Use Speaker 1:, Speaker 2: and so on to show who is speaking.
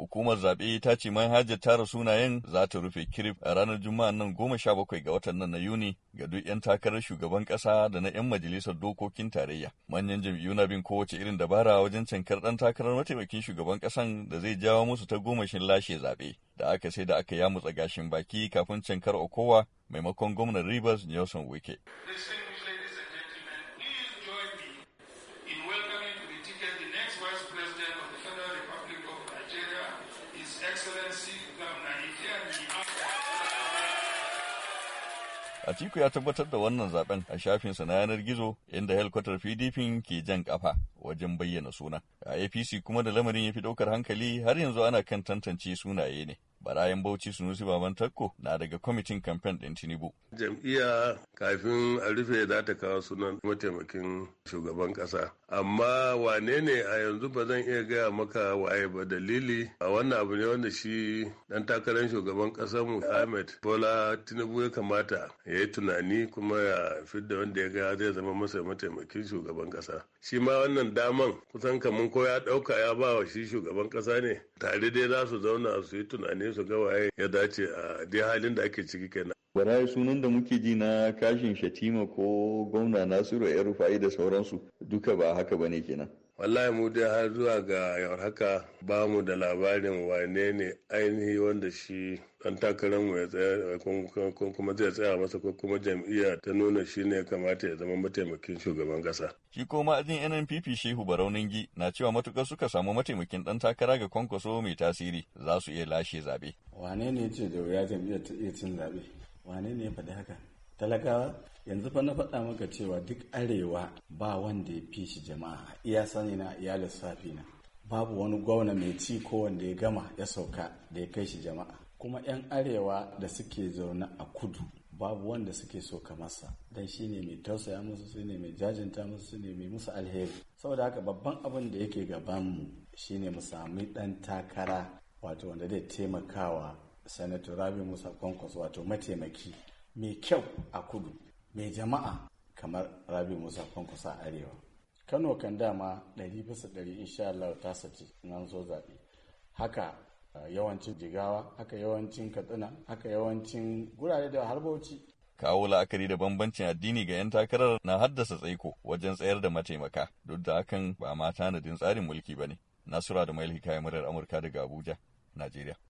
Speaker 1: Hukumar zaɓe ta ce manhajar tara sunayen za ta rufe kirif a ranar Juma'an nan goma sha bakwai ga watan nan na Yuni ga duk 'yan takarar shugaban ƙasa da na 'yan majalisar dokokin tarayya. Manyan jam'iyyu na bin kowace irin dabara wajen cankar ɗan takarar mataimakin shugaban ƙasan da zai jawo musu ta goma gomashin lashe zaɓe. Da aka sai da aka yamutsa gashin baki kafin cankar Okowa maimakon gwamnan Rivers Nelson Wike. Atiku ya tabbatar da wannan zaben a shafinsa na yanar gizo inda helkwatar PDP ke jan kafa wajen bayyana suna. A APC kuma da lamarin ya fi ɗaukar hankali har yanzu ana kan tantance sunaye ne. barayan Bauchi Sunusi Baban Takko na daga kwamitin kamfen ɗin
Speaker 2: Tinubu. Jam'iyya kafin a rufe za ta kawo sunan mataimakin shugaban ƙasa. Amma wane ne a yanzu ba zan iya gaya maka waye ba dalili a wannan abu ne wanda shi dan takarar shugaban mu Ahmed Bola Tinubu ya kamata ya yi tunani kuma ya fidda wanda ya ga zai zama masa mataimakin shugaban kasa Shi ma wannan daman kusan kamun ko ya ɗauka ya ba wa shi shugaban ƙasa ne tare dai za su zauna su yi tunani su su ga waye ya dace a dai halin da ake ciki kenan barayi
Speaker 1: sunan da muke ji na kashin shatima ko gwamna nasiru ya rufa'i da sauransu duka ba haka bane kenan
Speaker 2: wallahi mu dai har zuwa ga yawar haka ba mu da labarin wane ne ainihi wanda shi dan takararmu ya tsaya kuma zai tsaya masa ko kuma jam'iyya ta nuna shi ne kamata ya zama mataimakin shugaban kasa. Shi
Speaker 1: ko ma'azin NNPP Shehu gi na cewa matukar suka samu mataimakin dan takara ga kwankwaso mai tasiri za su iya lashe zabe.
Speaker 3: Wane ne ce da wuya jam'iyyar ta iya cin zabe? Wane ne ya faɗi haka? talakawa yanzu fa na faɗa maka cewa duk arewa ba wanda ya fi shi jama'a iya sani na iya lissafi na babu wani gwamna mai ci ko wanda ya gama ya sauka da ya kai shi jama'a kuma 'yan arewa da suke zaune a kudu babu wanda suke so kamarsa Dan shi ne mai tausaya musu su mai jajinta musu su mai musu alheri saboda haka babban abin da yake gabanmu shine mu sami ɗan takara wato wanda zai taimakawa sanator rabi musa kwankwas wato mataimaki mai kyau a kudu mai jama'a kamar rabi musa kwankwasa arewa kano kan dama ɗari ɗari insha Allah ta sace nan zo zaɓe haka ah, yawancin jigawa haka yawancin katsina haka yawancin gurare da har
Speaker 1: kawo la'akari da bambancin addini ga 'yan takarar na haddasa tsaiko wajen tsayar da mataimaka duk da hakan ba ma tanadin tsarin mulki ba ne nasura da mail hikaya murar amurka daga abuja najeriya